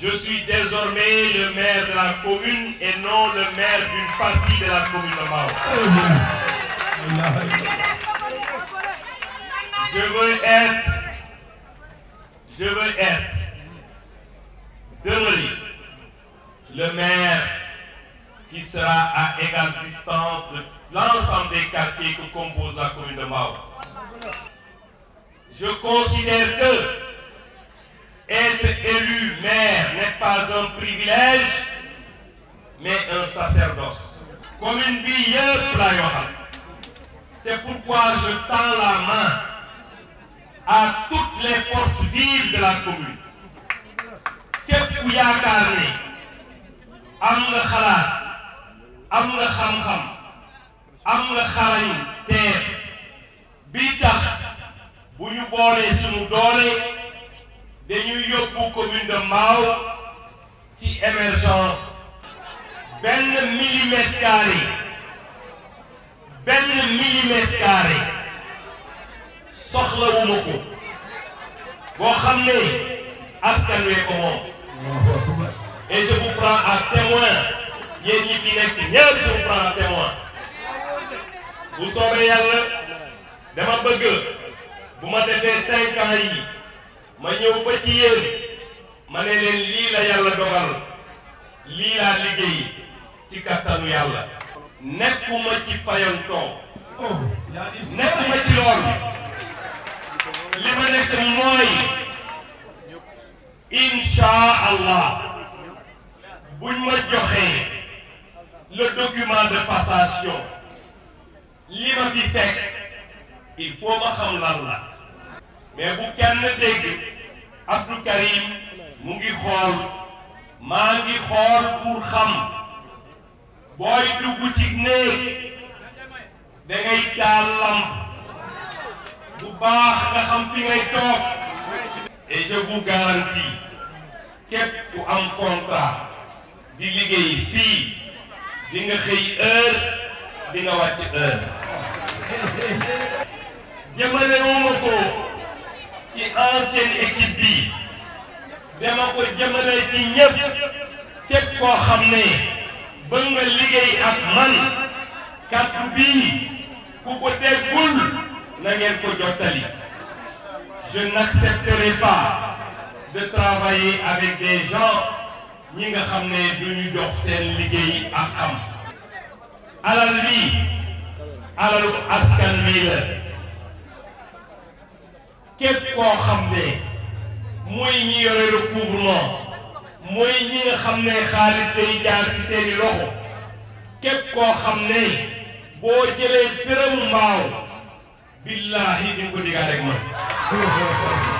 je suis désormais le maire de la commune et non le maire d'une partie de la commune de Mao. je veux être je veux être le maire qui sera à égale distance de l'ensemble des quartiers que compose la commune de Mao. Je considère que être élu maire n'est pas un privilège, mais un sacerdoce. Comme une billette C'est pourquoi je tends la main à toutes les forces vives de la commune. Que am boolee sunu doole dañuy yóbbu commune de Mbao ci émergence benn millimètre carré benn millimètre carré soxlawuma ko boo xam ne askan wee ko moom et je vous prends à témoin yéen ñi fi nekk ñëpp je vous prends à témoin bu soobee yàlla dama bëgg bu ma defee cinq yi ma ñëw ba ci yéen ma ne leen lii la yàlla dogal lii laa liggéey ci kattanu yàlla nekkuma ci fayantoo nekkuma ci lool li ma nekk mooy inshaa allah buñ ma joxee le document de passation li ma fi fekk il faut ma xam lan la mais bu dégg Abdou Karim mu ngi xool maa ngi xool pour xam booy dugg ci néeg da ngay taal lamp bu baax nga xam fi ngay toog et képp ku am contrat di liggéey fii di nga xëy heure di nga wàcc heure jëmale wu ma ko ci ancienne équipe bi dama ko jëmale ci ñëpp képp koo xam ne bëgg nga liggéey ak man kàddu ku ko déggul na ngeen ko jottali je n'accepterai pas de travailler avec des gens ñi nga xam ne du ñu jox seen liggéey ak am alal bi alalu askan wi képp koo xam ne mooy ñi yore recouvrement muy ñi nga xam ne xaalis day jaar ci seeni loxo képp koo xam ne boo jëlee dërëm mbaaw billaahi di nga ko digaat man